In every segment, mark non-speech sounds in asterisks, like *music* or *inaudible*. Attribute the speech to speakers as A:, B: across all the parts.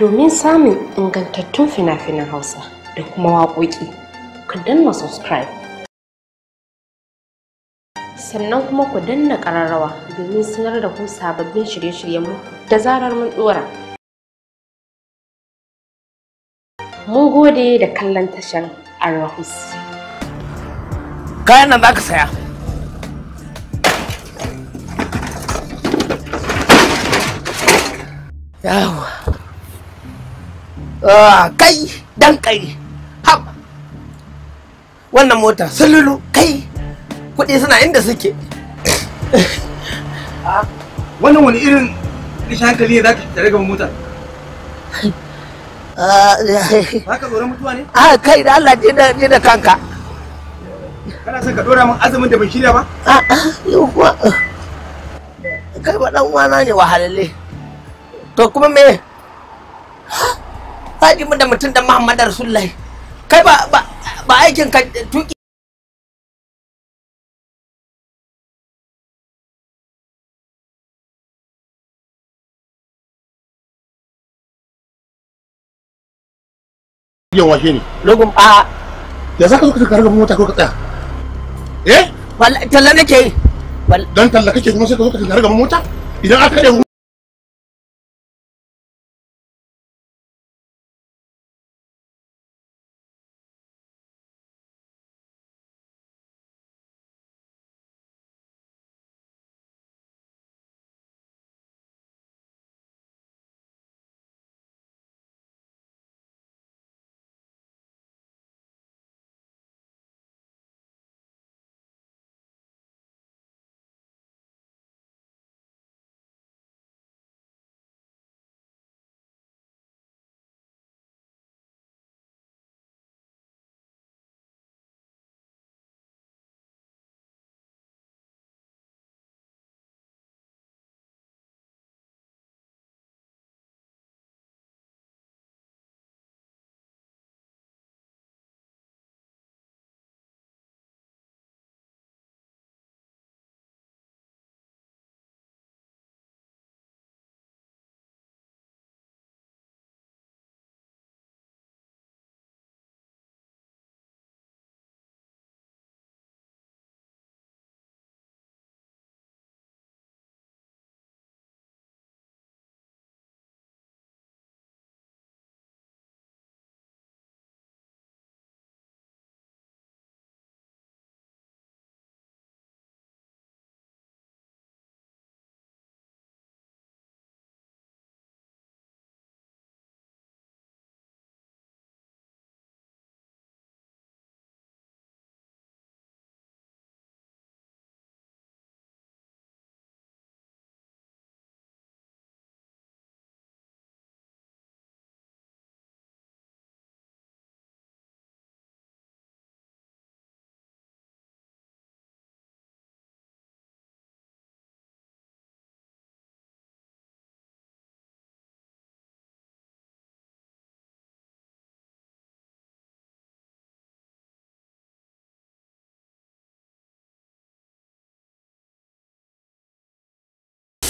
A: domin samun ingantattun fina-finan Hausa da kuma waƙoƙi, ku danna subscribe. Sannan kuma ku danna ƙararrawa
B: domin sanar da ku sababbin shirye-shiryenmu da zarar mun ɗora.
A: Mun gode da kallon tashar Arahus.
C: Kayan nan za ka saya.
D: Yawa.
C: Ah, kai dan kai hab wannan mota sululu kai kuɗi suna inda suke ah, wannan wani irin rashin hankali ne za ka tare gaban mota haka ah, tsoron mutuwa ne? a kai da Allah je da kanka kana son ka dora min azumin da ban shirya ba? a'a yau kuwa kai ba dan uwana ne wahalalle to kuma me haɗi mu da mutum da Muhammad Rasulullahi kai ba ba aikin ka
B: tuki yawa shi ne logun a da zaka zo ka tsaka mota ko ka tsaya eh wallahi talla nake yi dan talla kake kuma sai ka zo ka tsaka mota idan aka da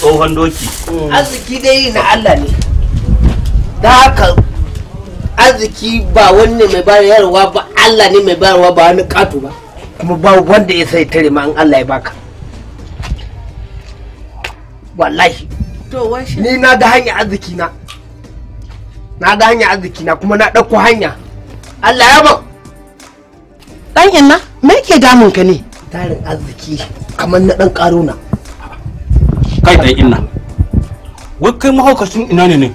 C: tsohon doki mm. arziki dai na Allah ne da haka arziki ba wanne mai bayarwa ba Allah ne mai bayarwa ba wani katu ba kuma ba wanda ya sai tare ma an Allah ya baka wallahi ni na ga hanya arziki na na ga hanya arziki na kuma na ɗauko hanya Allah ya ba ɗan inna me ke damun ka ne tarin arziki kamar na ɗan ƙaruna
E: kai tsaye inna wai kai mahaukacin ina ne ne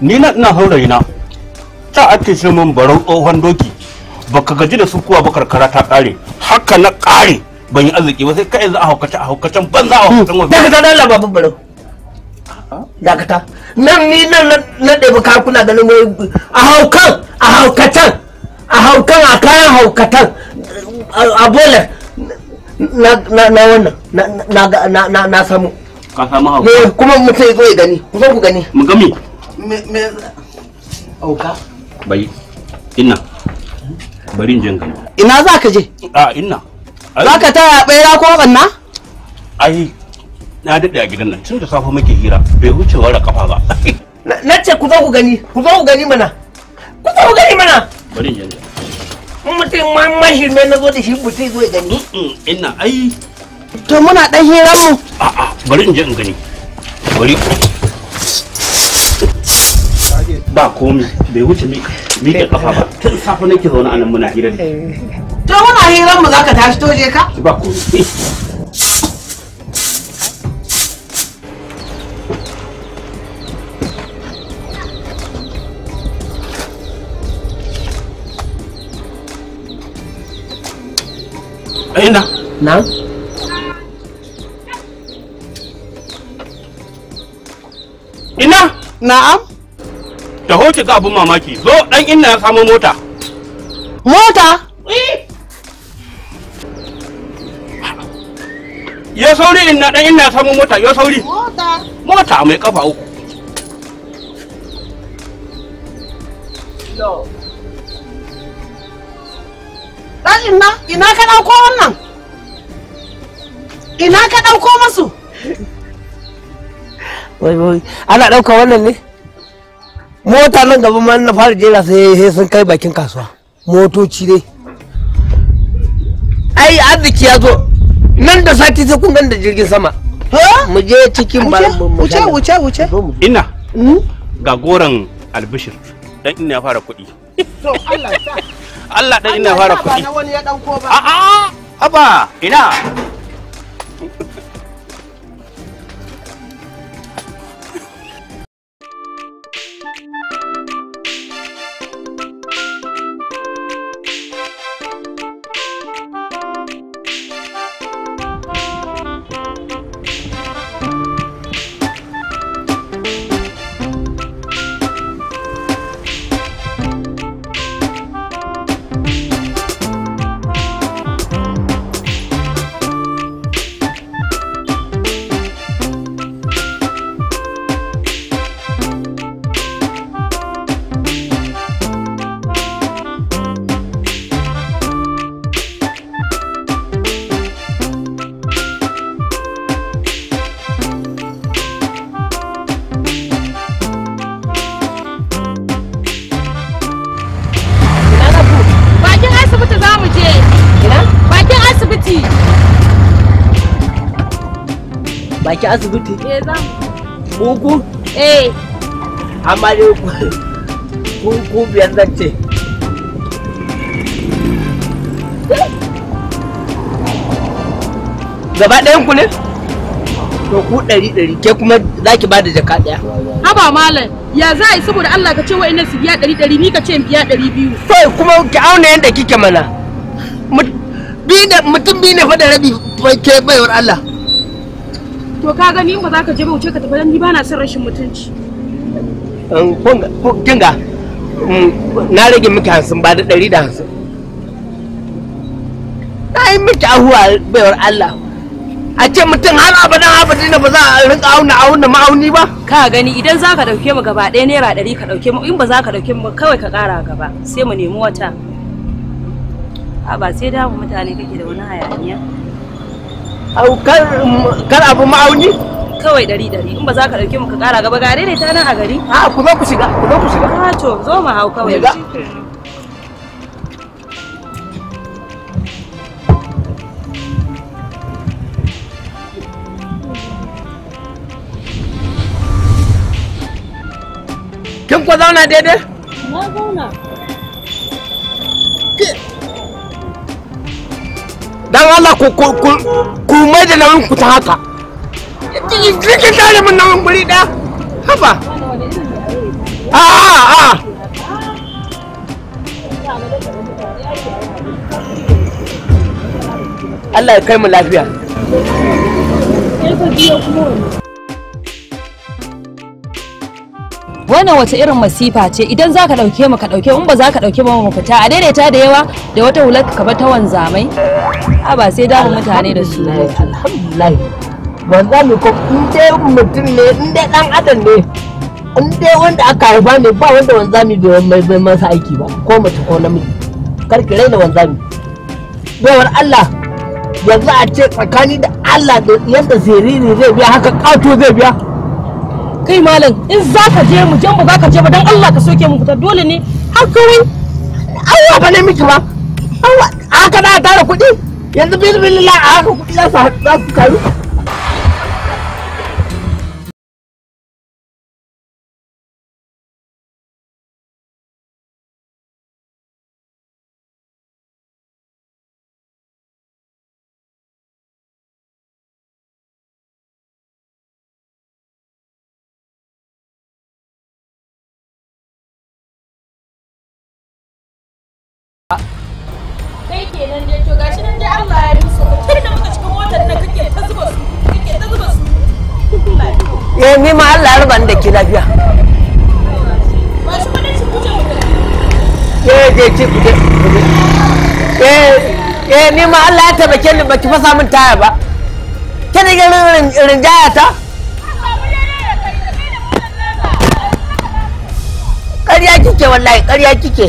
E: ni na ina haurayi na ta ake ce min barau tsohon doki baka gaji da su kuwa ba karkara ta kare haka na kare ban yi arziki ba sai kai yanzu a haukace a haukacen banza a
C: haukacen wani dakata da labar barau dakata nan ni nan na ɗebi kakuna ganin wai a haukan a haukacen a haukan a kayan haukatan a bolar na wannan na samu ka samu hauka me kuma mutum ya zo ya gani ku zo ku gani mu ga me me hauka
E: bai inna bari in je gani
C: ina za ka je a inna za ka taya ɓera ko banna
E: ai na dade a gidan nan tun da safe muke hira bai wuce wara kafa ba
C: na ce ku zo ku gani ku zo ku gani mana ku zo ku gani mana bari in je mutum ma mashi mai na zo da shi mutum zo ya gani inna ai to muna dan hiran mu
E: a'a bari in je in gani bari ba komi bai wuce ke kafa ba tun safe nake zaune anan muna hirar
C: to muna hirar mu zaka tashi to je ka
E: ba komi
C: Ainda? Não. Na'am?
E: Ta hoce ga abun mamaki. Zo dan inna ya samu mota.
F: Mota? Eh.
E: Ya sauri inna dan inna ya samu mota, ya sauri.
F: Mota.
G: Mota mai kafa uku.
C: Dan inna, ina ka dauko wannan? Ina ka dauko masu? ana ɗauka wannan ne mota nan gaba ma na fara jera sai sun kai bakin kasuwa motoci dai ai arziki ya zo nan da sati sai kun da jirgin sama mu je cikin ba wuce wuce wuce ina hmm? ga goran
E: albishir dan ina fara kuɗi
C: Allah dan ina fara kuɗi a
E: haba ina
C: asibiti? Eh za Eh. Amma dai ku ku biyar zan Gaba ɗayan ku ne? To ku ɗari ɗari ke kuma za ki bada jaka ɗaya. Haba malam ya za a yi saboda Allah ka ce wa ina su biya ɗari ɗari ni ka ce in biya ɗari biyu. Kai kuma ki auna yadda kike mana. Mutum biyu ne fa da rabi ke baiwar Allah.
A: to ka gani ba za ka je bauce ka tafi dan ni ba na son rashin mutunci
C: kinga mm, na rage miki hansun ba da ɗari da hansun na yi miki ahuwa bayar Allah a ce mutum har abadan abadina ba za a rinka auna auna ma'auni ba ka gani idan za ka ɗauke mu gaba ɗaya naira ɗari ka ɗauke
A: mu in ba za ka ɗauke mu kawai ka ƙara gaba sai mu nemi wata a ba sai damu mutane kake da wani hayaniya
C: kar abu ma'auni kawai dari dari in ba za ka dauke mu ka kara gaba gare ne ta nan a gari a ah, ku zo ku shiga ku zo
A: ku shiga a ah, to zo mu hau kawai
C: Kin ku zauna daidai? Na zauna. dan Allah ku ku ku mai da nauyin ku ta haka jikin ne mun nan guri da haba a a a Allah ya kai mu lafiya wannan wace irin masifa ce idan za ka ɗauke mu ka ɗauke in ba za ka ɗauke mu mu fita a daidaita da yawa da wata hular ka bar ta wanzamai a ba sai damu mutane da su alhamdulillah wanzami ko in dai mutum ne in dai dan adam ne in dai wanda aka haifa ne ba wanda wanzami bai bai masa aiki ba ko mace ko namiji kar ki raina wanzami baiwar Allah yanzu a ce tsakani da Allah da yadda siriri zai biya haka ƙato zai biya kai malam in za ka je mu je mu za ka je ba dan Allah ka soke mu fita dole ne har kawai awa ba ne miki ba awa aka na tara kuɗi yanzu bilbilila a haka kuɗi za su karu
B: kai
H: kenan dai to gashi nan dai Allah ya rusa ka tun da muka cikin motar nan kake ta zuba su kake ta zuba
D: su
F: eh ni ma Allah ya ruban da ke lafiya
D: ba shi kudin shi kuje mu
F: eh je ki kuje
C: eh eh ni ma Allah ya tabbake ni ki fasa min taya ba kada ganin rinjaya ta ƙarya kike wallahi ƙarya kike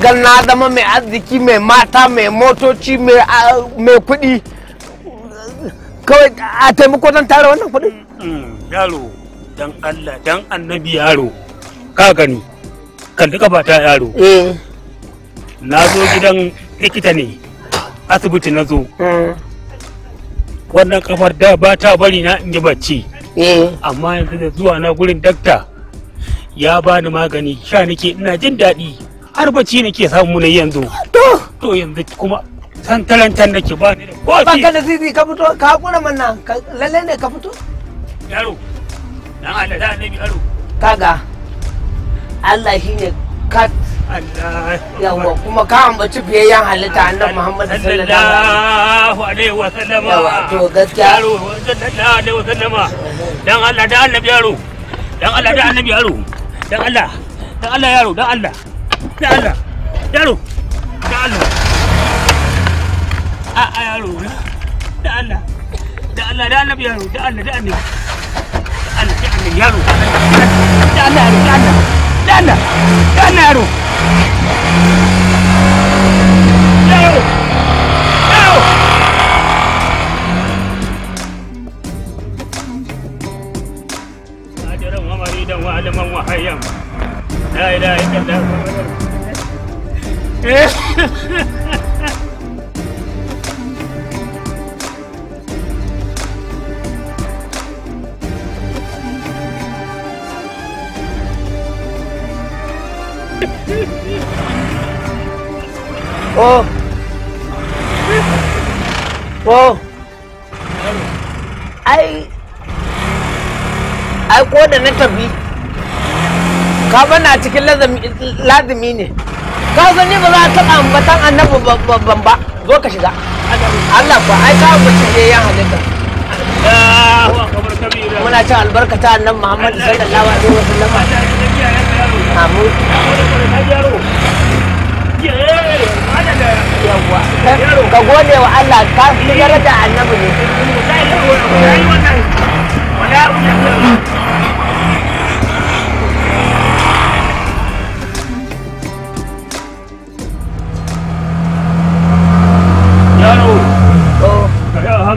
C: gan na zama mai arziki mai mata mai motoci mai kudi kawai a taimako don tara wannan kuɗin
E: mm, yaro dan allah don annabi yaro ka gani kalli ta yaro eh. na zo gidan likita ne asibiti na zo mm. wannan kafar da ba ta bari na in yi bacci eh. amma yanzu da zuwa na gurin dakta ya bani magani sha nake ina jin daɗi arbaci ne ke samu ne yanzu to yanzu kuma san talantan nake ba
C: ni da kofi ba ka zizi sisi ka fito ka hakura nan lalle ne ka fito
E: yaro dan Allah da annabi yaro
C: kaga Allah ne kat Allah yawa kuma ka ambaci biyayyen halitta annabi Muhammad sallallahu
E: alaihi wa sallam yawa to gaskiya yaro sallallahu alaihi wa sallama dan Allah da annabi yaro dan Allah da annabi yaro dan Allah dan Allah yaro dan Allah تعال تعالوا تعالوا آه يارو تعال تعال تعال يارو تعال تعال تعال تعال يارو تعال تعال تعال تعال يارو وعلما وحيا لا اله الا الله *laughs* oh!
C: oh. ko da na tafi, ka bana cikin lazumi ne. ka san ni ba za a taɓa ambatan annabi babban ba zo ka shiga Allah ba ai ka ambaci ne ya halitta muna cin albarkata annabi Muhammad sallallahu alaihi wasallam amu ka gode wa Allah ka fi daraja annabi ne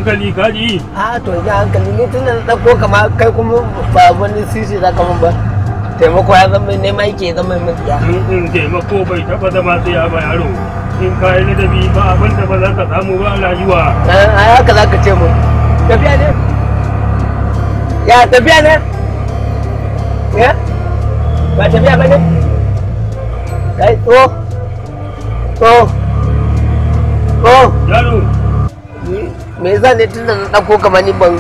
C: hankali ka ji. a to ji hankali ni tun da na ɗauko kama kai kuma ba wani sisi za ka ba taimako ya zama ne nema yake zama mai ya in taimako bai taɓa zama sai ya ba yaro in ka kayi ladabi ba abin da ba za ka samu ba a rayuwa a haka za ka ce mu tafiya ne ya tafiya ne ya ba tafiya ba ne kai to to me za ne tunda na ɗauko kamar ni ban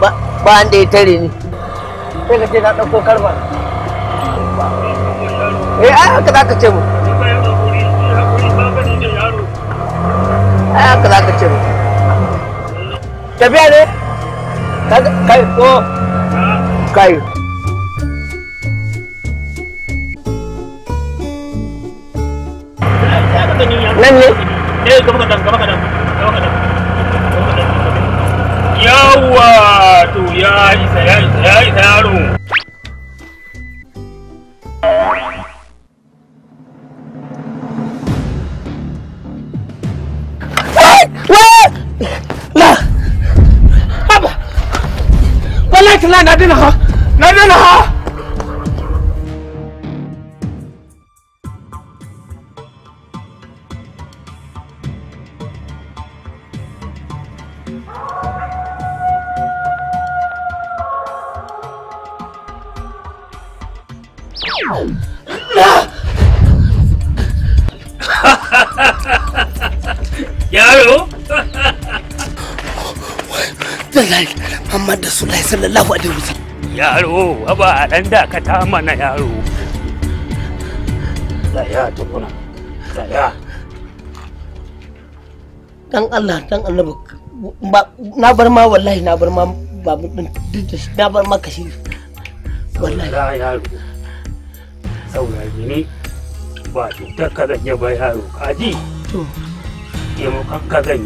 C: ba an da ya tare ni sai ka ce na ɗauko karba eh ai haka za ka ce mu ai haka za ka ce mu tafiya ne
F: kai ko kai nan ne?
E: Eh, gaba kadan, gaba kadan. yawwa
D: to ya isa ya isa ya isa yaro
F: na dina ha! Na dina ha! Yaro? Wallahi,
E: da sallallahu Yaro, dakata mana yaro.
C: Dan Allah, dan Na bar ma wallahi na bar ma babu din na bar ma kashi.
E: Wallahi. Yaro. saurari ne ba cutar ka zan ba yaro kaji taimakon ka zan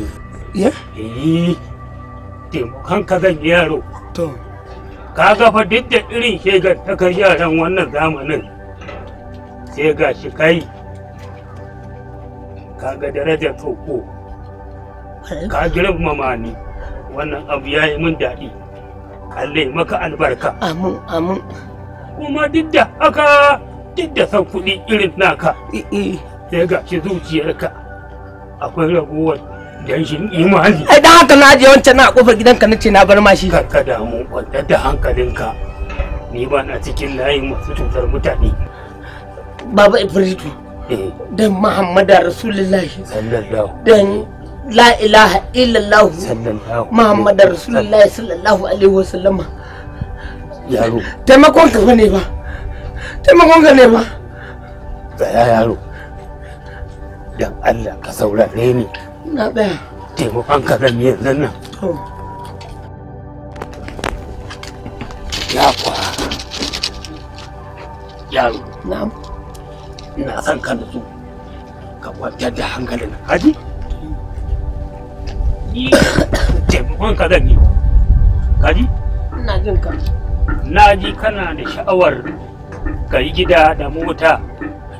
E: yi eh taimakon ka zan yaro ka gafa duk da irin shegar ta kai yaran wannan zamanin sai ga shi kai ka ga darajar tsoko eh? ka girmama ni wannan abu ya yi min daɗi Allah maka albarka amin amin kuma duk da haka duk da san kuɗi irin naka sai ga ki zuciyarka akwai
C: ragowar danshin imani ai dan haka na je wancan na kofar gidanka nace na bar mashi ka
E: damu kwanta da hankalinka ni ba na cikin layin masu cutar mutane
C: baba ibritu eh. dan muhammadu rasulullahi sallallahu dan la ilaha illallah muhammadar rasulullahi sallallahu alaihi wasallama yaro taimakon ka ne ba taimakon ne ma
E: tsaya yaro dan Allah ka saurare ni na tsaya ka zan yi yanzu nan ya kwa yaro na Na son ka nutsu ka kwantar da hankalin haji ni taimakon ka zan yi kaji ina jin ka na ji kana da sha'awar ka yi gida da mota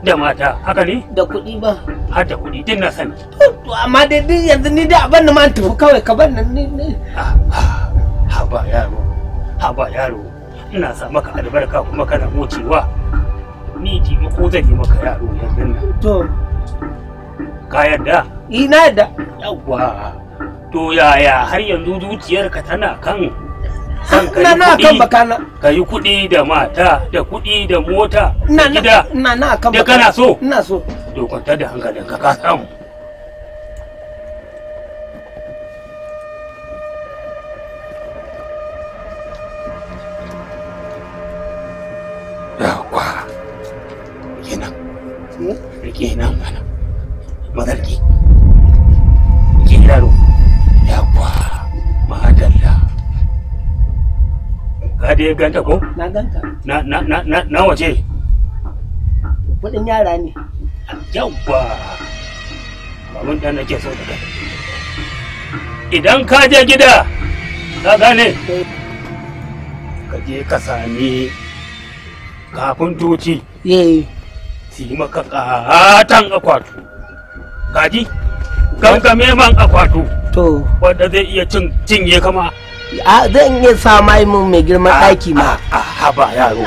E: da mata haka ne da kuɗi ba har da kuɗi din na sani
C: to amma dai yanzu ni da abin da ma tafi kawai ka bar nan ni ah, ah,
E: ha ba yaro ha ba yaro ina sa maka albarka kuma kana mocewa ni ko zan yi maka yaro yanzu nan to ka yadda ina eh, da yawwa to yaya har yanzu zuciyarka tana kan na na kan ka yi kuɗi da mata da kuɗi da mota da gida na na kan da kana so ina so to kwanta da hankalinka ka samu ganta ko? Na ganta. Na na na na na waje.
C: Kudin yara ne.
E: Yawwa. Baban ɗan nake so da Idan ka je gida, ka gane? Eh. Ka je ka sami kafin toci. Ye. Eh. Su yi maka ƙatan akwatu. Kaji? Gangame
C: man akwatu. To.
E: Wanda zai iya cin cinye kama.
C: zan iya sa mai mun mai girman ɗaki ma
E: haba yaro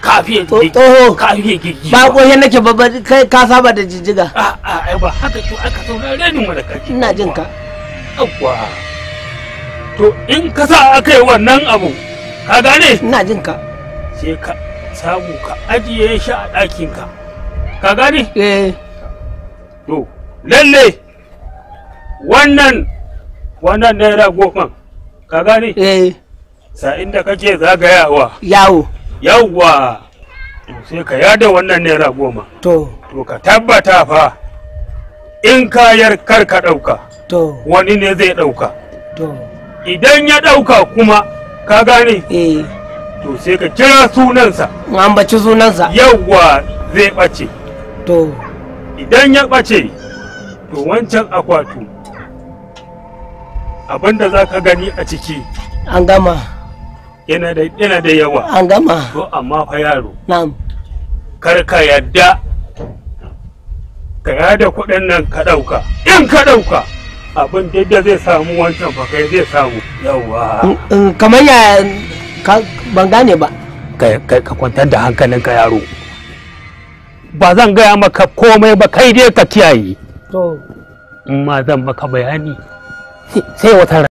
C: kafiye toho kafiye gigi ba ko yana ke babba kai ka saba da jijjiga a
E: a ba haka to aka saurare mu da kake ina jin ka awwa to in ka sa aka yi wannan abu ka gane ina jin ka sai ka samu ka ajiye shi a ɗakin ka ka gane eh to lalle wannan wannan naira goma ka gane eh sa'in da kake zagayawa yawo yawwa sai ka yada wannan naira goma to to ka tabbata fa in kayar kar ka ɗauka to wani ne zai ɗauka to idan ya ɗauka kuma ka gane eh to sai ka kira sunansa
C: ambaci sunansa
E: yawwa zai bace. to idan ya bace to wancan akwatu abin da za ka gani a ciki an gama yana da yawa an gama to amma fa yaro na'am kar ka yadda ka yada kuɗin nan ka ɗauka in ka ɗauka abin da zai samu wancan fa kai zai samu yawa mm, mm, kamar ya ban gane ba ka kwantar da hankalinka yaro ba zan gaya maka komai ba kai dai ka kiyaye to in ma zan maka bayani 所以我才来。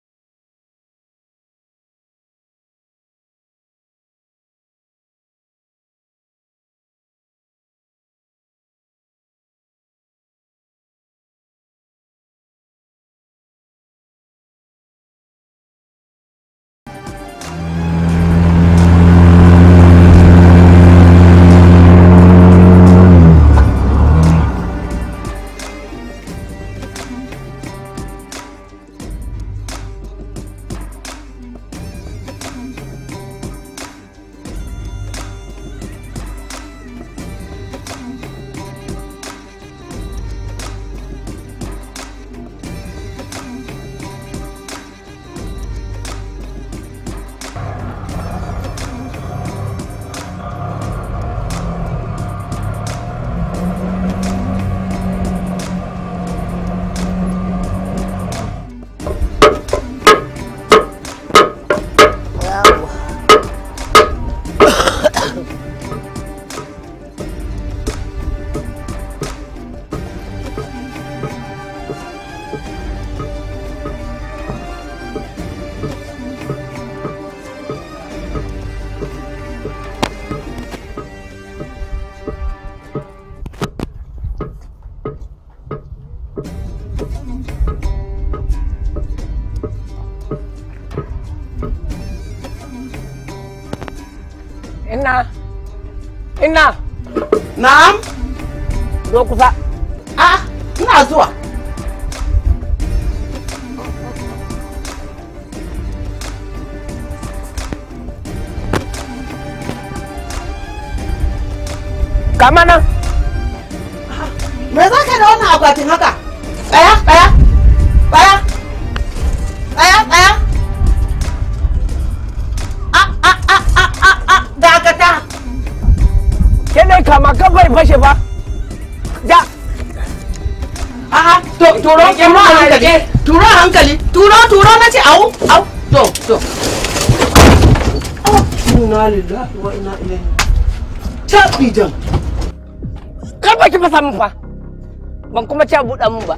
C: kama nan me za ka da wannan akwatin haka tsaya tsaya tsaya tsaya tsaya a a a a a a dakata ke kama ka bai fashe ba da to turo turo hankali turo hankali turo turo na ce au au to to inna lillahi wa inna ilaihi ba min fa ban kuma ci abu buɗa min ba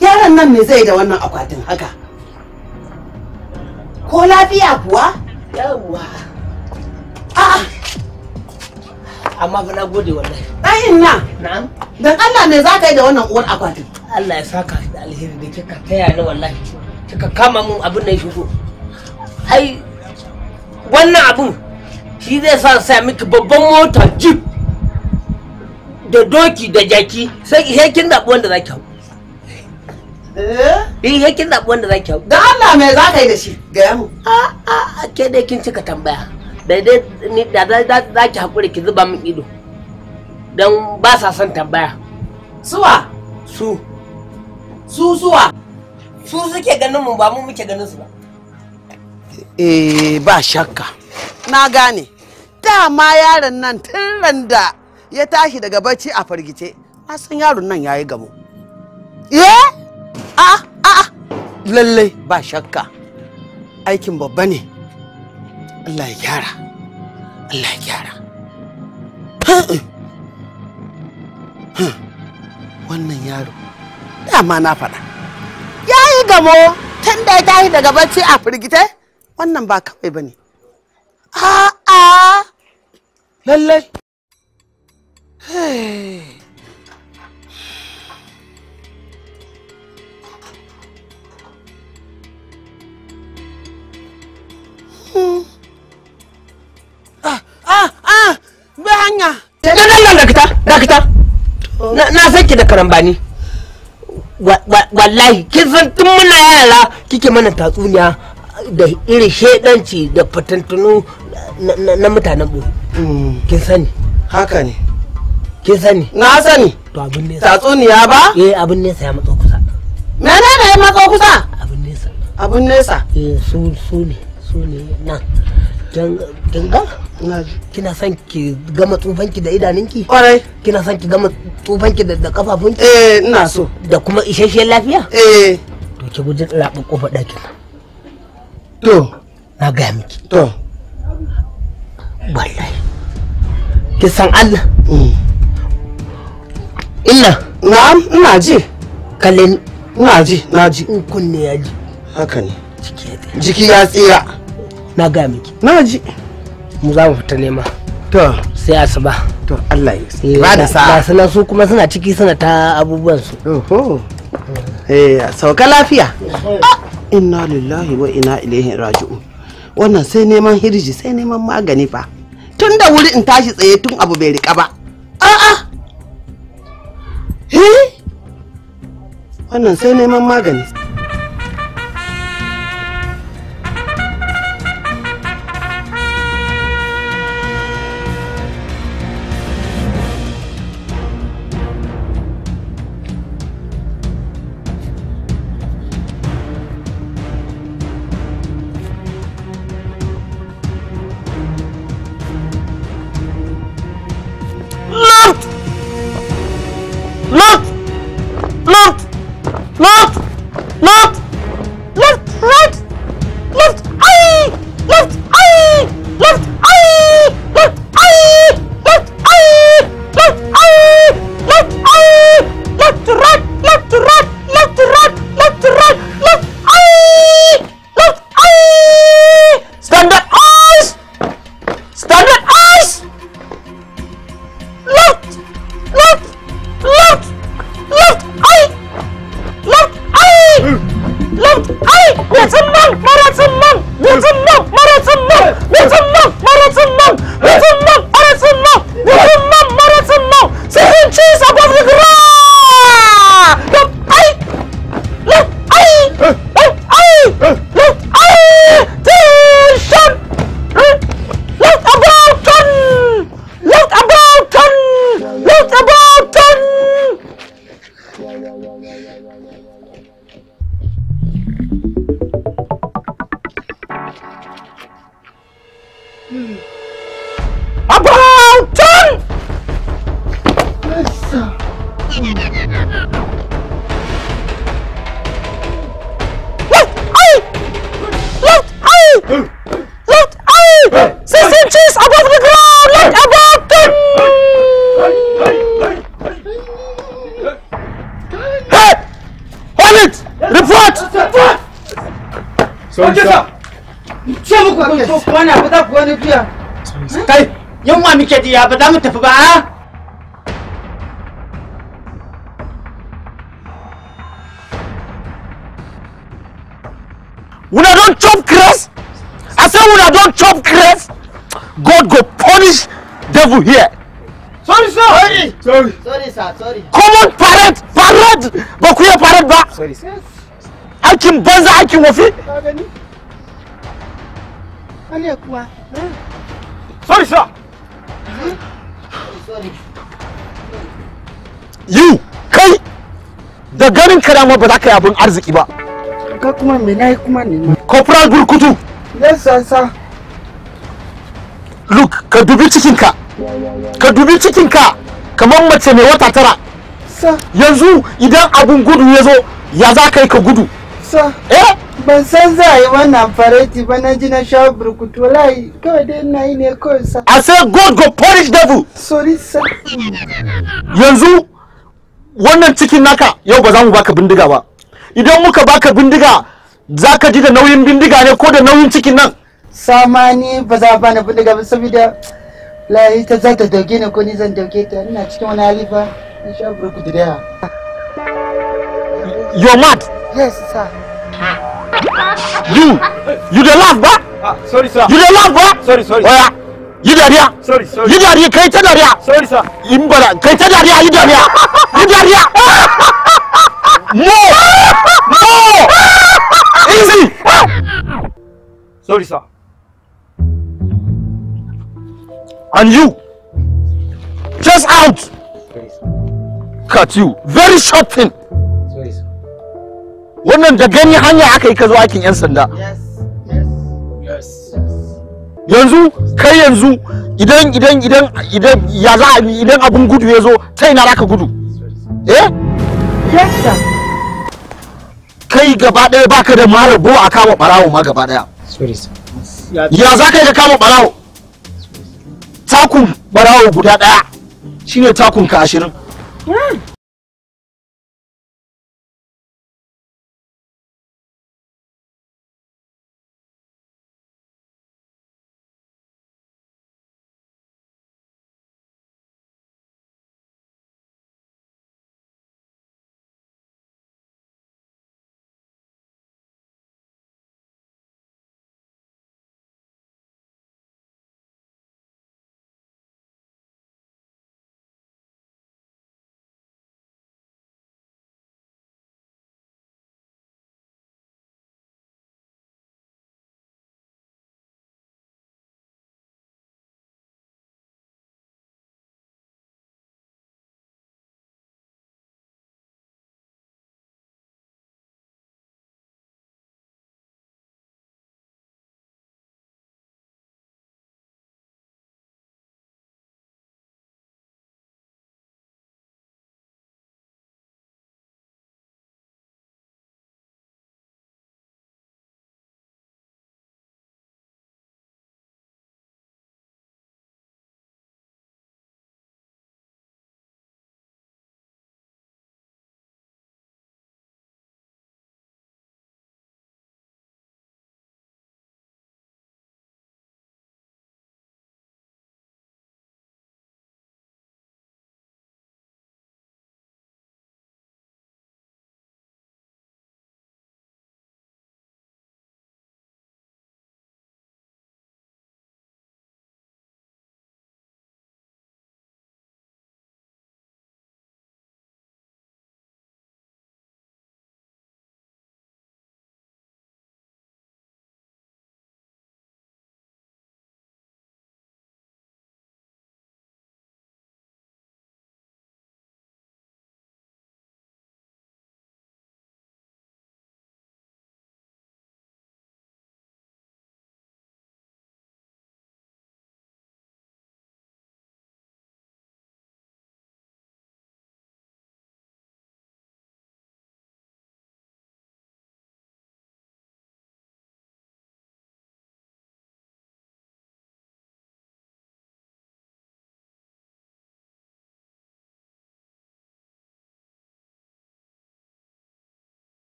C: yaran nan me zai da wannan akwatin haka ko lafiya kuwa yawwa a'a amma fa na gode wallahi ɗayin na na'am dan Allah ne za ka yi da wannan uwar akwatin Allah ya saka da alheri da kika taya ni wallahi kika kama mun abin da ya shigo ai wannan abin shi zai sa sa miki babban mota jeep da doki da jaki sai ihe kin zaɓi wanda zaki hawo eh ihe eh, kin zaɓi wanda za ki hau da Allah me za ka yi da shi ga yamu a a ke dai kin cika tambaya da dai ni da da zaki hakuri ki zuba min ido dan ba sa son tambaya suwa su su suwa su suke ganin mu ba mu muke ganin su ba
G: eh ba shakka
C: na gane dama yaron nan tun da ya tashi daga bacci a fargice, na san yaron nan yayi gamo eh a a lallai ba shakka aikin babba ne Allah ya gyara Allah ya gyara wannan yaro dama na faɗa ya yi gamo tun da ya tashi daga bacci a firgite wannan ba kawai ba ne a'a lallai
F: nan
D: Na
C: da karambani. Wallahi, kin san tun muna yara kike mana tatsuniya da irin shedanci da fatantunu na mutanen boye mm. kin sani haka ne kin sani na sani to abin nesa tatsuniya ba eh abin nesa ya matso kusa
I: ne ya matso kusa
C: abin nesa abin nesa eh su su ne su ne nan dan ga kina san ki gama banki da ki kwarai kina san ki gama banki da ki eh ina so da kuma isasshen lafiya eh to ki guji rabu kofar ɗakin to na gaya miki to wallahi ki san Allah mm. ina na'am ina ji kalle ina ji na ji in kunne ya ji haka ne
D: jiki ya tsira
C: na gaya miki na ji mu za mu fita nema to sai asuba to Allah ya eh, ba da sa'a ga su kuma suna ciki suna ta abubuwan su oho eh sauka lafiya ah! inna lillahi wa inna ilaihi raji'un wannan sai neman hirji sai neman magani fa tun da wuri in tashi tsaye tun abu bai rika ba a'a eh? wannan sai neman magani ya ba za mu tafi ba
F: a una don chop grass i say when I don't chop grass god go punish devil here sorry sir sorry sorry
C: sorry sir sorry
F: common parade parrot, ba ku yi parade ba sorry sir aikin banza aikin wofi ka
C: gani kuwa
G: dama ba za ka yi abin arziki ba
C: ka kuma me na yi kuma ne ma corporal burkutu yes sir sir
G: look ka dubi cikinka ka dubi cikinka kamar mace mai wata tara yanzu idan abun gudu ya zo ya za ka yi ka gudu
C: eh ban san za a yi wannan fareti ba na ji na sha burkutu wallahi kawai dai na yi ne kawai sa i say god go punish devil sorry
D: sir
G: yanzu wannan cikin naka yau ba za mu baka bindiga ba idan muka baka bindiga za ka ji da nauyin bindiga ne ko da nauyin cikin nan
C: sama ba za ba na bindiga ba saboda layi ta za ta dauke ni ko ni
H: zan dauke ta ina cikin wani hali ba in sha burku
C: da
G: you're mad
F: yes sir you
G: you dey laugh ba ah, sorry sir you dey laugh ba sorry sorry You yi dariya yi dariya kai ta dariya
F: in bara kai You dariya yi You yi dariya *laughs* no no easy sorry sir and you
G: just out sorry, cut you very short thing Sorry, sir. gani hanya aka yi ka sanda yes. yanzu kai yanzu idan idan idan idan ya za a idan abun gudu ya zo ta ina za gudu eh kai gaba ɗaya baka da marabo a kama barawo ma gaba ɗaya ya za ka ka kama barawo takun ɓarawo guda ɗaya
B: shine takun ka ashirin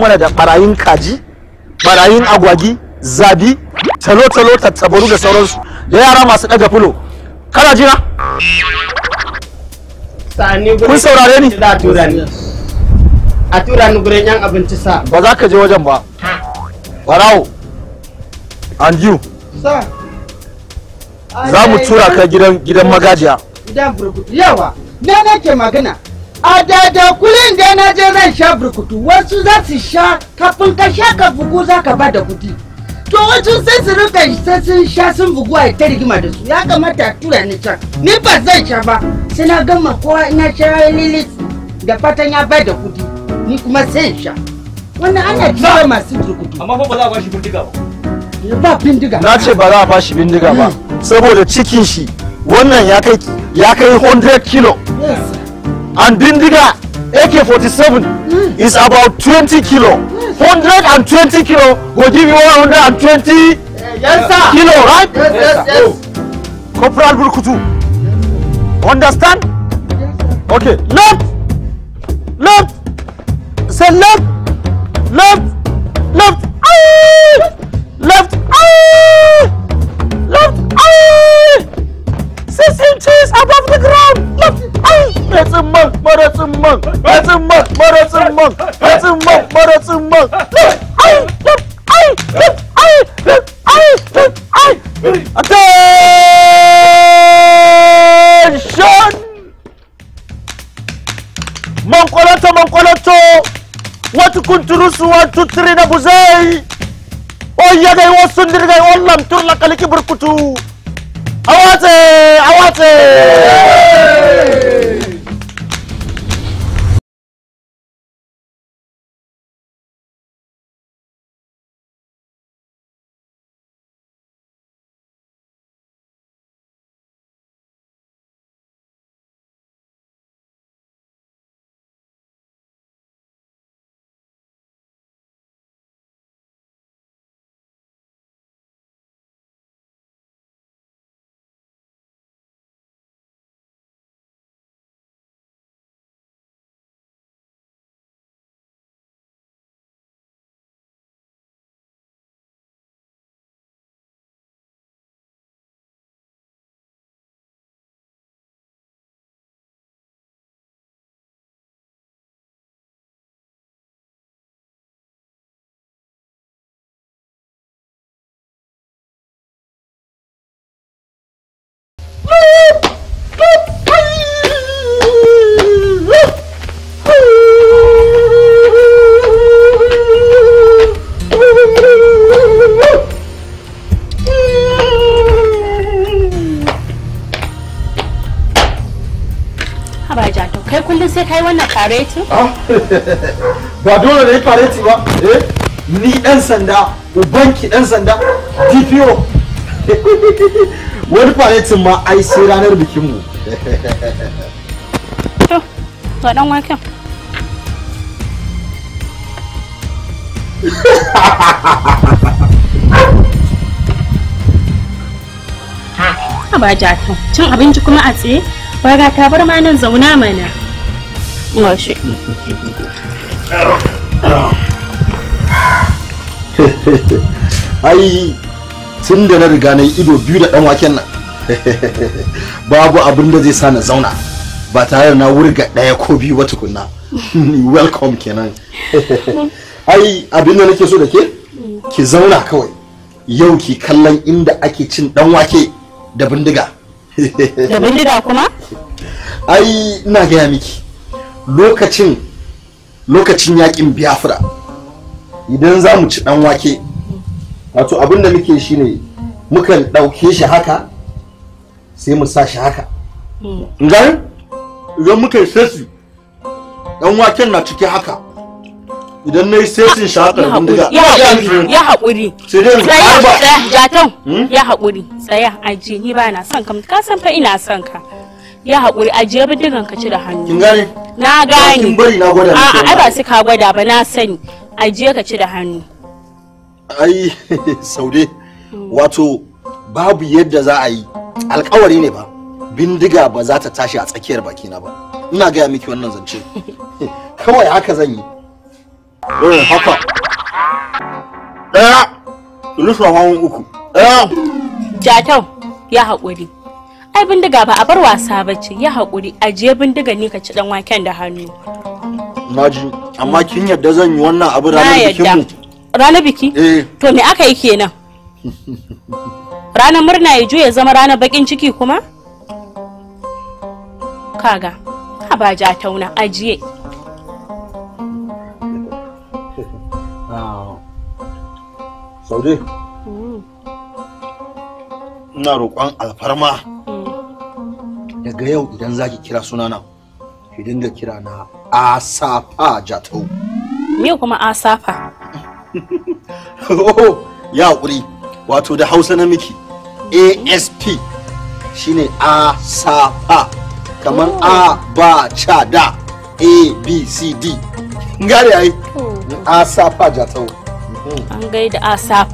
B: mana da barayin kaji
G: barayin agwagi zabi talo-talo tattabaru da sauransu da yara masu daga fulo kana jina kun saurare ni a tura ni a tura ni gurin yan abinci sa ba za ka je wajen ba barawo and you
C: za mu tura ka
G: gidan magajiya
C: gidan burbutu yawa na nake magana a dada kulin da na je zan sha burkutu wasu za su sha kafin ka sha ka bugu za ka ba da kudi to wasu sai su rufe sai sun sha sun bugu a ta rigima da su ya kamata a tura ni can ni ba zan sha ba sai na gama kowa ina sha lilis da fatan ya ba da kudi ni kuma sai sha wannan ana jiwa
G: masu burkutu amma fa ba za a ba shi bindiga ba ba bindiga na ce ba za a ba shi bindiga ba hmm. saboda cikin shi wannan ya kai ya kai 100 kilo yes. and Bindiga AK-47 mm. is about twenty kilo. Hmm. hundred and twenty kilo will give you one hundred and twenty
F: eh, kilo, right? Yes, yes, yes.
G: Oh. Corporal Burkutu, understand? Okay,
F: left, left, say left, left, left, aye. left, aye. left, aye. Sissy cheese above the ground! Look! That's a monk, but that's a monk! That's a monk, but that's a monk! That's a monk, but that's a monk! Look! Hey! Look! Hey! Look! Hey! Look! Hey! Look! Hey! Attention!
G: Mankwalato, Watu kunturusu, watu tiri na buzei! Oya oh gai wasu ndirgai wallam turla kaliki burkutu! Awate! Awate!
A: kai kullum sai kai ah,
G: ba dole ne kareti ba eh, ni dan sanda ubanki dan sanda dpo *laughs* wani paletin ma ai sai ranar bikinmu *laughs*
A: to ga dan waken ha ba ta cin abinci kuma a tsaye ga ta bar ma nan zauna mana washe
G: *laughs* ai tun da na riga na yi ido biyu da dan waken nan *laughs* babu abin da zai sa na zauna ba tare da na wurga ɗaya ko biyu ba tukunna *laughs* welcome kenan *laughs* ai abin da nake so da ke
D: mm. ki
G: zauna kawai yau ki kallon inda ake cin dan wake da bindiga da bindiga kuma ai ina gaya miki lokacin lokacin yakin biafra idan za mu ci dan wake wato abin da muke shi ne mukan ɗauke shi haka sai mu sa shi haka mm. ngan idan muka yi sesi ɗan waken na ciki haka idan na yi sesin shi haka Ya haƙuri, ya
A: haƙuri tsaya gatan hmm? ya haƙuri tsaya ajiye ni ba na son ka ka san fa ina son ka ya haƙuri ajiye bindigan ka ci da hannu kin gane na gane kin bari na gwada a'a ai ba sai ka gwada ba na sani ajiye ka ci da hannu
G: ai *laughs* saude wato babu yadda za a yi alkawari ne ba bindiga ba za ta tashi a tsakiyar bakina ba ina gaya miki wannan zance *laughs* kawai haka zan yi eh haka
F: ɗaya rufa hawan uku ɗaya
A: jatau ya haƙuri ai bindiga ba a bar wasa ba ce ya haƙuri je bindiga ne ka ci dan waken da hannu
G: naji amma kin yadda zan yi wannan abu ranar bikinmu
A: ranar biki eh. to me aka yi kenan ranar murna ya juya zama ranar bakin ciki kuma kaga ba ja tauna ajiye
G: saude mm. ina roƙon alfarma mm. daga yau idan za ki kira sunana ki dinga kira na asafa jatau
A: me kuma asafa
G: *laughs* oh ya hakuri wato da hausa na miki asp shine a sa fa kamar a oh. ba cha da a b c d gare ai oh. a fa ja tau mm-hmm.
A: an gaida a fa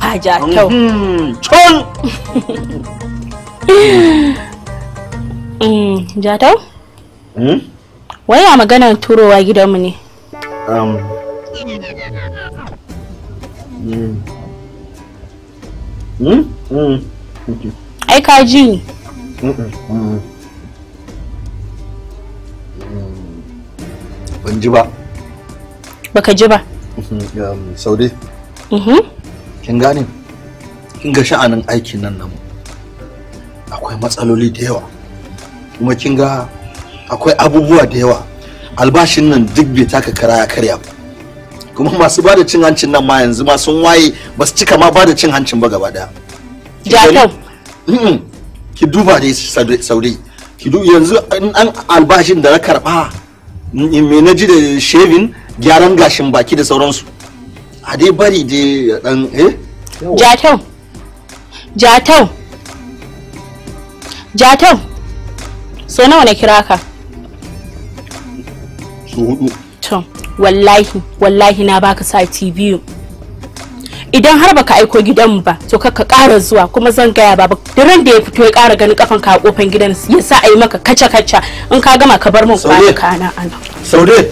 F: mhm.
A: *laughs* mm, ja tau chon hmm? jatau waya maganar turowa gidanmu ne um, ai ka ji ni ban ji ba baka ji ba
G: um, saude mhm. kin gane kin ga sha'anin aikin nan namu akwai matsaloli da yawa kuma kin ga akwai abubuwa da yawa albashin nan duk bai taka kara ya karya ba kuma masu ba da cin hancin nan ma yanzu ma sun waye ba su cika ma ba da cin hancin ba gaba daya ki duba dai saurayi ki duba yanzu an albashin da na karba me na ji da shevin gyaran gashin baki da sauransu a dai bari dai dan eh
A: jatau jatau jatau so nawa na kira ka su hudu wallahi wallahi na baka sati biyu idan har baka aiko gidanmu ba to ka ƙara zuwa kuma zan gaya baba daren da ya fito ya ƙara ganin kafan ka a kofan gidan ya sa a yi maka kaca kaca in ka gama ka bar min kwana kana
D: ana
G: saude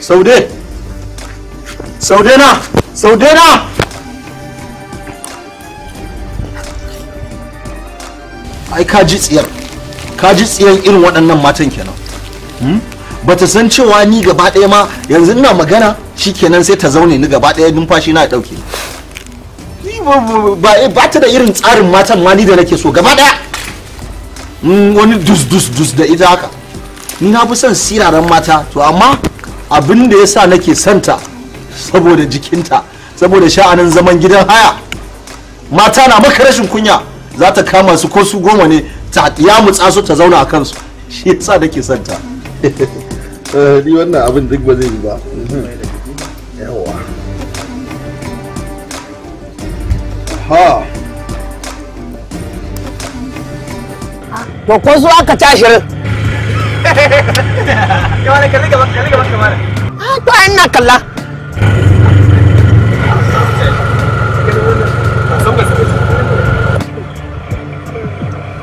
G: saude saude na saude na ai ka ji tsiyar ka ji tsiyar irin waɗannan matan kenan hmm? bata san cewa ni gaba ɗaya ma yanzu ina magana shikenan sai ta zaune ni gaba ɗaya numfashi na ɗauke
D: eh,
G: ba ta da irin tsarin matan ma ni da nake so gaba ɗaya mm, wani dus dus dus da ita haka ni na fi son siraran mata to amma abin da yasa nake santa saboda jikinta saboda sha'anin zaman gidan haya mata na maka rashin kunya za ta kama su ko su goma ne ta ya mutsa su ta zauna a kansu shi yasa nake santa *laughs* Eh, ni wannan abin duk ba zai yi ba mhm. yawa ha
C: to ko zuwa ka ci ashirin
H: kamar ka riga ka
C: to ai ina kalla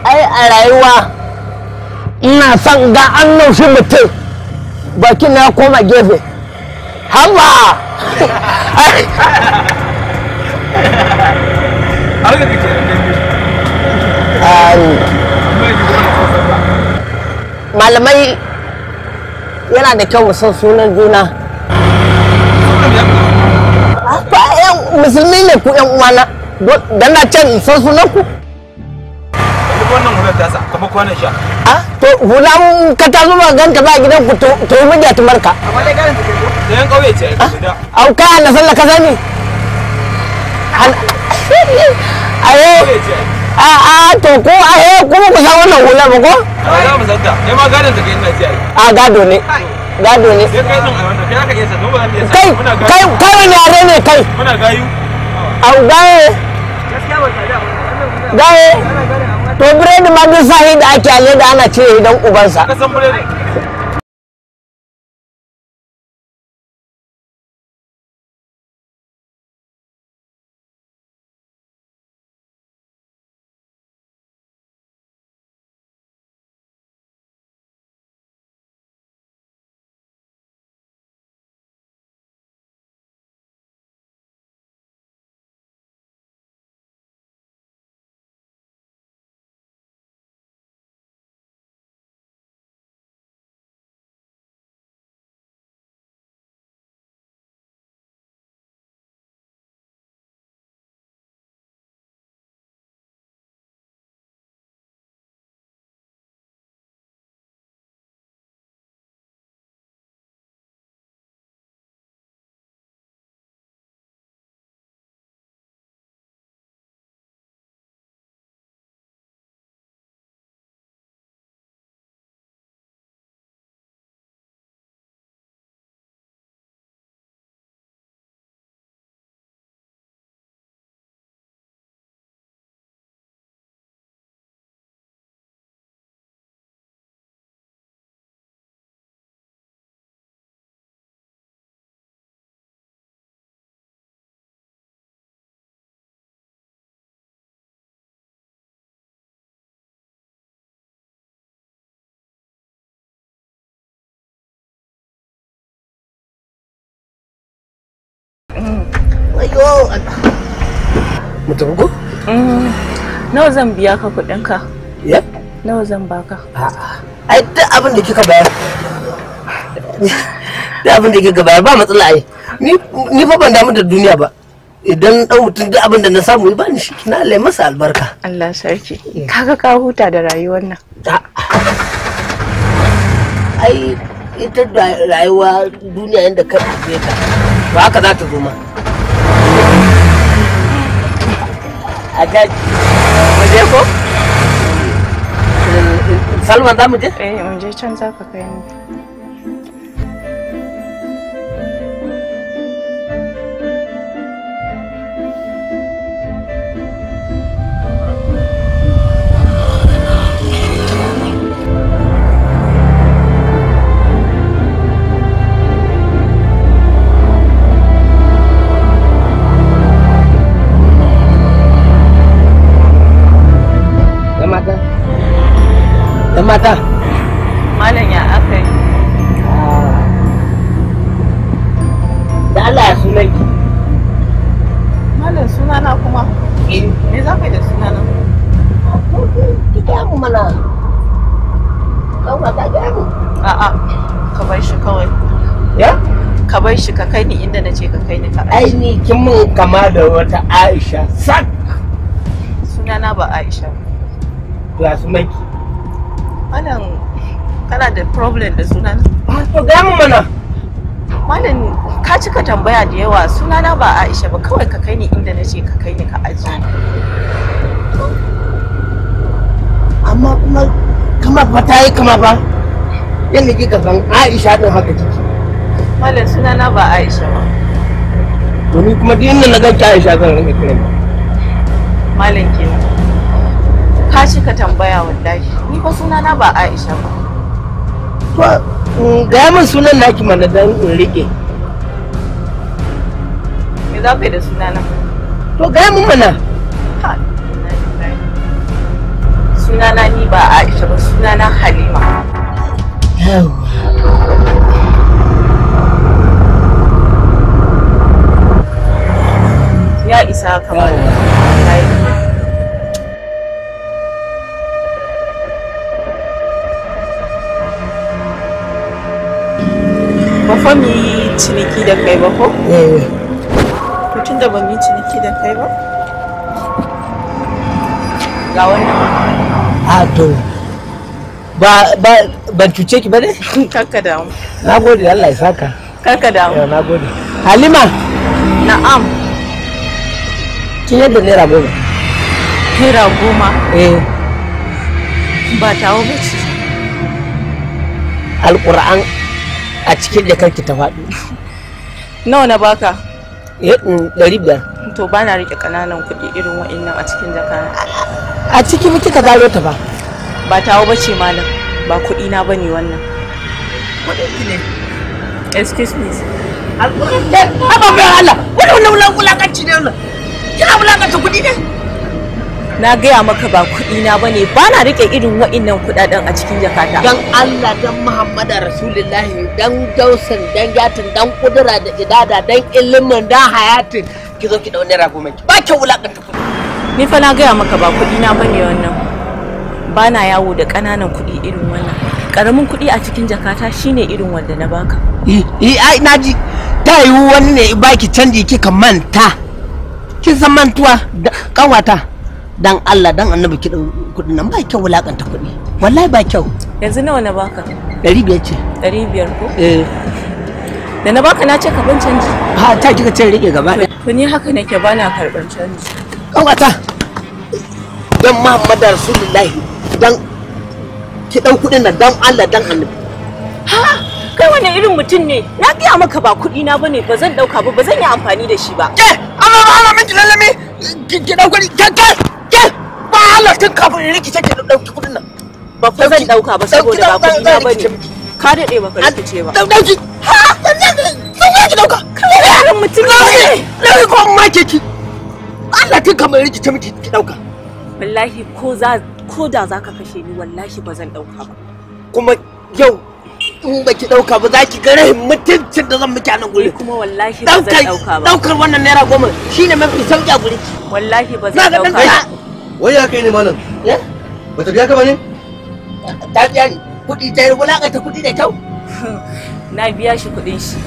C: ai a rayuwa ina son ga an nufi mutum bakin na koma gefe haba malamai yana da kyau san sunan juna musulmi ne ku yan uwana don na can san sunan ku
E: wannan wurin tasa kuma kwanan sha
C: ah? to hula ka ta zuwa ganka ba gidan ku to yi mijiya ta marka. amma dai garin da yan kauye ce ah, a gida au kai na sallah ka sani
F: ayo a a ah, ah,
A: to ko ayo
F: ko ku san wannan
G: hula ba ko za mu santa ne ma gadon ta kai ina ce a gado ne gado ne sai kai nan a wannan kai aka iya sanin ba iya kai kai kai wani yare ne
C: kai muna gayu au gaye gaye
B: to biredi ma duk da ake a leda ana cire
C: idan ubansa yo mu tafi ko mm. nawa zan biya ka kuɗin ka yep nawa zan baka a'a ai duk abin da kika bayar duk abin da kika bayar ba matsala ai ni fa ban damu da duniya ba idan dan mutum duk abin da na samu ba ni shi na lai masa albarka Allah sarki kaga ka huta da rayuwar nan ai ita da rayuwa duniya yadda ka ta ba haka za ta zo ma a daji mu je ko eh, eh, salman za mu je eh mu je can za ka kai ni mata
H: malam ya aka yi da Allah sunan ki malam sunana kuma eh me za ka da sunana
C: ki ga mu mana kawai ka ga mu a ka bar shi kawai ya ka bar shi ka kai ni inda na ce ka kai ni ka ai ni kin mun kama da wata Aisha sak sunana ba Aisha ba ya ki. malam kana da problem da sunan to ga mu mana malam ka cika tambaya da yawa sunana ba
A: Aisha ba kawai ka kai ni inda na ce ka kai ni ka aji
C: amma kuma kama ba ta yi kama ba yadda ki gaban Aisha din haka kike malam sunana ba Aisha ba to ni kuma duk inda na ga Aisha zan rinka kiran
A: malam kenan ka cika tambaya wallahi ni fa suna na ba Aisha ba
C: to mm, ga min sunan naki mana dan in rike
H: me za ka yi da sunana
C: to ga min mana sunana ni ba Aisha ba sunana Halima
D: ya isa kamar
A: fa mu yi ciniki da kai ba ko? Eh. To tun da ba mu yi ciniki da kai ba? Ga wannan.
C: A to. Ba ba ban cuce ki ba ne? *laughs* Karka damu. Na gode Allah ya saka. kaka Karka damu. Eh, na gode. Halima. Na'am. Kin yadda naira goma. Naira goma. Eh. Ba tawo ba ce. Alƙur'an a cikin da karki ta faɗo nawa na baka eh, mm, ɗari biyar
A: to ba na riƙe ƙananan kuɗi irin wa'innan a cikin jakana a cikin muke ka zaro ta ba ba tawo ba ce malam ba kuɗi na ba ne wannan kuɗinki ne excuse me Abba bai Allah, wani
C: wani wulakanci ne wannan, kina wulakanta kuɗi ne?
A: na gaya maka ba kuɗi na bane ba na rike irin wa'innan kuɗaɗen a cikin jakata dan
C: Allah dan Muhammadu Rasulullahi dan gausan dan yatin dan kudura da idada dan ilimin dan hayatin
A: ki zo ki dau naira goma ki ba ki wulakanta kuɗi ni fa na gaya maka ba kuɗi na bane wannan ba na yawo da ƙananan kuɗi irin wannan karamin kuɗi a cikin jakata shine irin wanda na baka
C: eh, eh ai naji ta yi wani ne baki canji kika manta kin san mantuwa ƙanwata. dan Allah dan annabi kiɗin kudin nan ba kyau wulakanta kuɗi wallahi ba kyau
A: yanzu nawa na baka ɗari biyar ce ɗari biyar ko eh da na baka na ce ka ban canji
C: ha ta kika ce rike gaba ɗaya
A: to ni haka nake bana karɓar canji
C: kawata dan Muhammad Rasulullahi dan ki ɗau kudin nan dan Allah dan annabi ha
A: kai wani irin mutum ne na gaya maka ba kuɗi na bane ba zan ɗauka ba ba zan yi amfani da shi ba eh
F: amma ba ana miki lallami ki ɗau kai kai Allah kafin
C: in rikice nan ba fa zan dauka ba saboda ba na bane ka daɗe ba ka rikice ba dauki ha zan ki dauka kai mutum ne dauki ko ma ke ki Allah kafin in rikice miki ki dauka
A: wallahi ko za
C: ko da zaka kashe ni wallahi ba zan dauka ba kuma yau in ki dauka ba za ki ga rahin mutuncin da zan miki a nan guri kuma wallahi ba zan dauka ba ɗaukar wannan naira goma shine mafi sauki a guri wallahi ba zan ba wai ya kai ne malam bata biya ka ba ne ta biya ni kuɗi ta yi wulaƙanta kuɗi da kyau
A: na biya shi kuɗin shi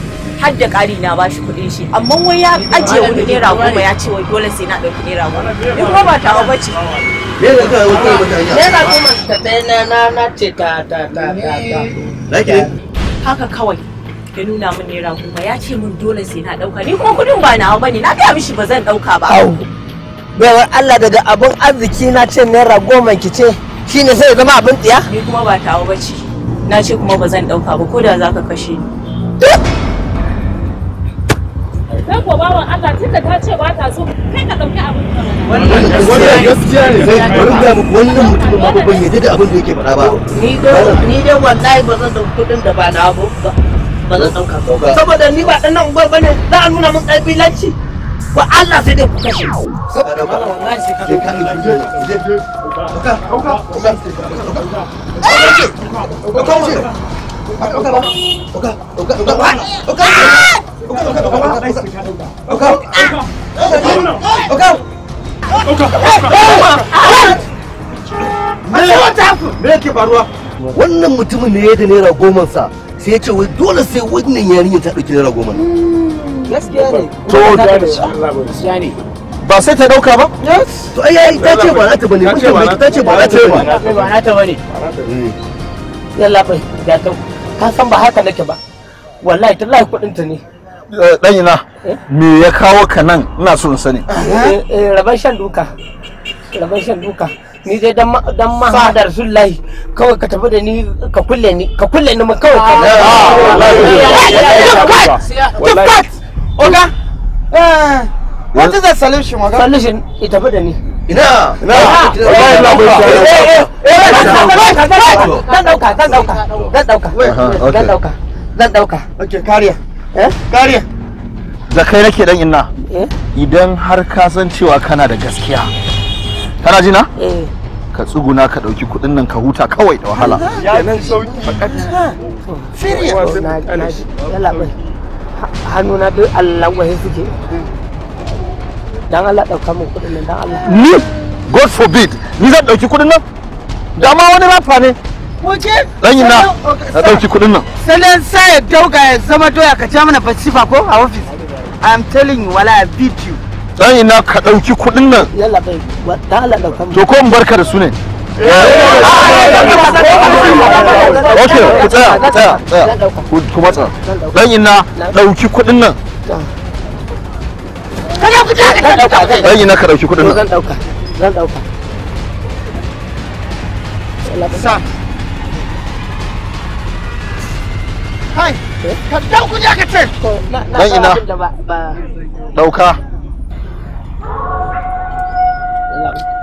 A: har da ƙari na ba shi kuɗin shi amma wai ya ajiye wani naira goma ya ce wai dole sai na ɗauki naira goma in kuma ba ta ba ce
F: naira goma
C: naira goma ta ta na na na ce ta ta ta ta
A: haka kawai ya nuna min naira goma ya ce min dole sai na ɗauka ni kuma kuɗin ba nawa ne, na gaya mishi ba zan ɗauka ba
C: baiwar Allah daga abin arziki na ce naira goma ki ce shine sai zama abin tsiya ni kuma
A: ba tawo ce na ce kuma ba zan ɗauka ba koda
C: ka kashe ni
A: Sai ko bawan Allah tunda ta ce ba ta so kai ka dauki abin ka
F: wannan
C: gaskiya ne sai bari ga wannan mutum ba ban yaje da abin da yake faɗa ba ni dai ni dai wallahi ba zan dauki kudin da ba na ba
H: ba zan dauka saboda
C: ni ba dan nan ubar bane za a nuna mun ƙarfi lacci
F: ba Allah sai dai ku kashe saboda sai
C: wannan mutumin ne ya da naira gomansa
G: sai ya ce wai dole sai wannan yarinya ta ɗauki naira goma gaskiya ne to
C: gaskiya ne
G: ba sai ta dauka ba to ai ai ta ce ba za ta bane ba ta ce ba za ta ba ba ta bane
C: hmm. yalla bai da ta ka san ba haka nake ba wallahi tallahi kudin ta ne dan eh, eh?
G: me ya kawo ka nan ina so in sani eh,
C: raban shan duka raban shan duka ni dai dan mahadar sullahi kawai ka tafi da ni ka kulle ni ka kulle ni mu kawai ka ah, wallahi wallahi Oga? Eh, what is the solution, Oga? Solution, ita fi ni. Ina, ina. Oga ina bai shi. Eh, eh. eh, eh zan dauka, zan dauka, zan dauka. Zan dauka. Zan dauka. Okay, kariya. Eh? Kariya.
G: Da kai nake dan inna. Idan har ka san cewa kana da gaskiya. Kana na? ka tsuguna ka ɗauki kuɗin nan ka huta kawai da wahala.
F: Ya nan sauki.
C: hannuna bi Allah waye suke dan Allah dauka min kudin nan dan Allah
G: ni god forbid ni zan dauki kudin
C: nan da ma wani rafa ne Muke? Ranyi na,
G: na ɗauki kuɗin nan.
C: Salon sa ya dauka ya zama doya ka ja mana fasifa ko a ofis. I am telling you, wala I beat you. Ranyi na ka ɗauki kuɗin nan. Yalla bai, da Allah ɗauka To
G: ko in barka da su ne? Okay, ku tsaya tsaya tsaya kuma tsaya dan ina dauki kudin nan
C: Ka dan ina ka dauki kudin nan zan dauka zan dauka sa
F: kai ka dauku ya ka ce dan ina
G: dauka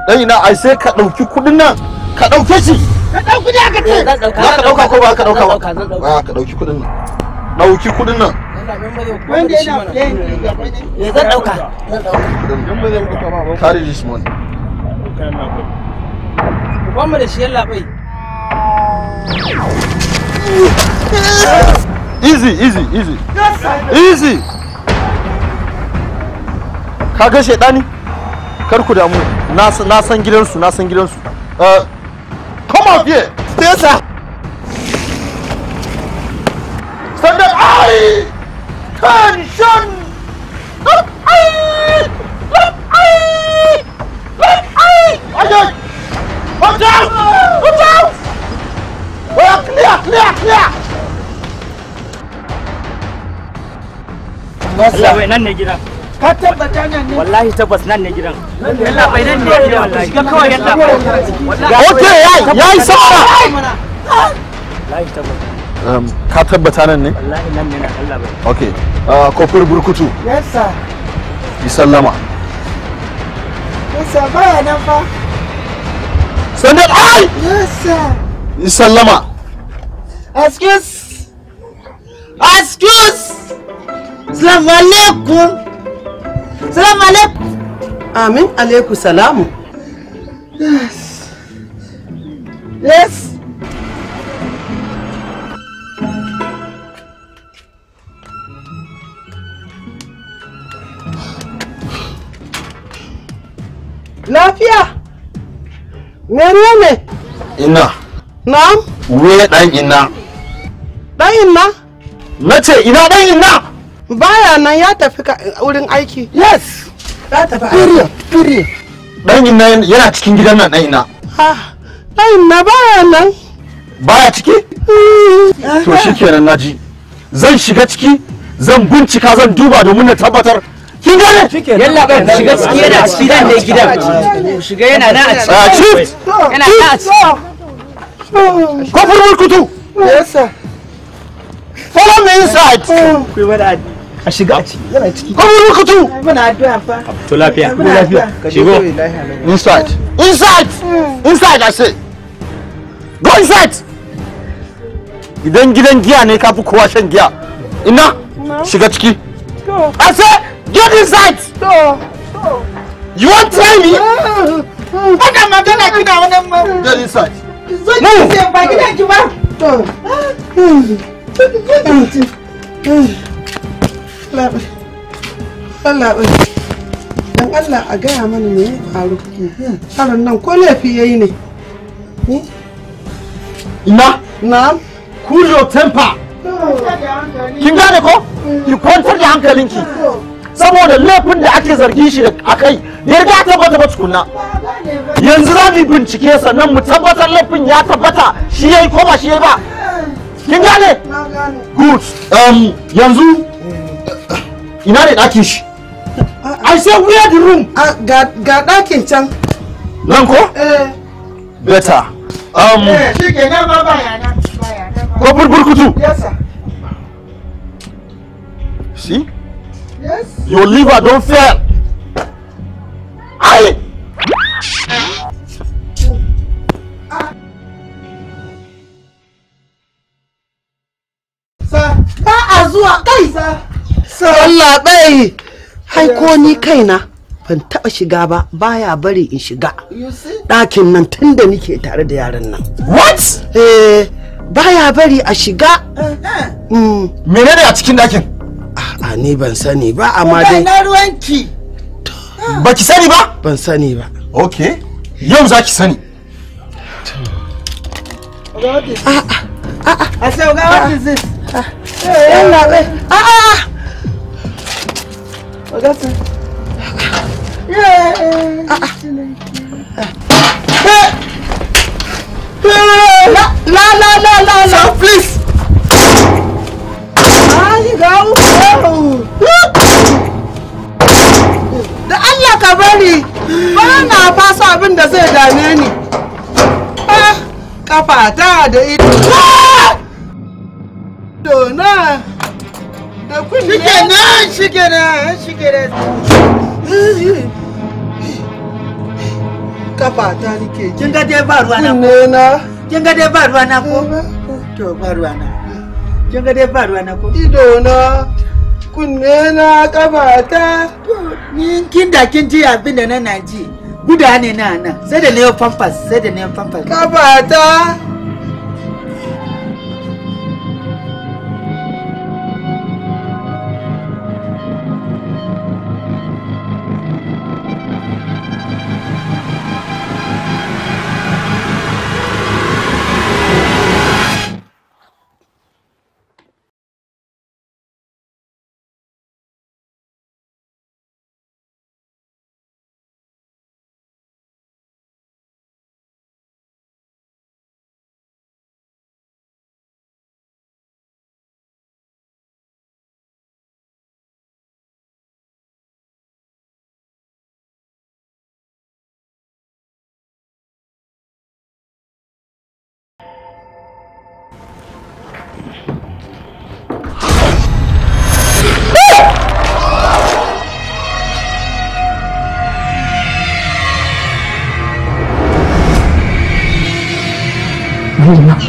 G: dan ina ai sai ka dauki kudin nan ka dauke shi ka
F: dauki da ka ce za
G: ka dauka ko ba ka dauka ba ba ka dauki kudin nan dauki kudin nan
H: wanda yana fiye
G: ne zan dauka zan dauka carry this money
C: ba da shi yalla
G: easy easy easy easy ka ga shedani kar ku damu na san gidansu na san gidansu
F: uh, come out here stay sir stand up ai tension ai
E: Allah wai nan ne gidan
F: ka
C: tabbata nan ne wallahi tabbas nan ne gidan yalla bai nan ne ke wallahi ga kawai yalla
E: okay yayi yayi sa'a wallahi um, tabbata
C: ka
G: tabbata nan ne
H: wallahi
C: Amin alaikum salamu.
D: Yes.
F: Yes.
C: Lafiya? Menene? Ina. Na'am?
G: We dan ina. Dan ina? Nace ina dan ina.
C: Baya nan ya tafi wurin aiki. Yes. za ta ba period
G: period dan ina yana cikin gidan nan dan ina
C: ah dan ina baya nan baya ciki eh.
G: to shikenan naji zan shiga ciki zan bincika zan duba domin na tabbatar kin gane yalla ba shiga ciki yana ciki nan ne gidan shiga yana nan a ciki ah,
F: yana nan a ciki kofar mulkutu yes sir follow me inside oh. a shiga a ciki yana ciki ko mun ka tu muna addu'a fa
G: to lafiya muna lafiya shigo inside
F: hmm. inside hmm.
G: inside i go inside idan gidan giya ne kafi kowa shan giya ina shiga ciki
F: Ashe, get inside
G: you want try me
F: wannan hmm. magana kina wannan
G: get inside move ba gidan
D: ki ba Labai, Allah
C: a gaya mana me ya faru. nan ko laifi ne. Hmm? Na? Cool your temper.
F: Kin gane ko? Ki kwantar da hankalinki. Saboda laifin da
G: ake zargi shi da akai, ya riga tabbata ba tukunna. Yanzu za mu bincike sannan mu tabbatar laifin ya tabbata shi yayi ko ba shi yayi ba. Kin gane? Good. Um, yanzu ina ne ɗakin shi ah, ah. i say where the room ah, ga ɗakin can nan ko eh. better um eh, shi ke nan ba ba
C: yana ko kutu yes sir
G: see yes your liver don't fail
D: ai
F: Allah bai hai ko ni
C: kaina ban taɓa shiga ba baya bari in shiga ɗakin nan tunda nike tare da yaran nan what eh baya bari a shiga mm. ne a cikin ɗakin a ni ban sani ba amma dai na
G: ruwanki ah. ba sani ba ban sani ba okay yau za ki sani
F: a'a a'a ah. ah. eh, eh. a'a a'a a'a a'a a'a a'a Oga sir. La la la la la please. Ai ah, ga
C: Da Allah ka bari. Bana na fasa abin da zai dame ni. Ah, kafa ta da ido. Ah! Dona. Shikenan, shikenan, shikenan. Kafa ta nike. Kin ga dai ba ruwa na ko? na. Kin ga dai ba ruwa na ko? To ba ruwa na. Kin ga dai ba ruwa na ko? Ido na. Kunne na kafa ta. Ni kin da kin ji abin da na na Guda ne na nan. Sai da ne pampers, sai da ne
F: pampers. Kafa ta.
D: Hey, no.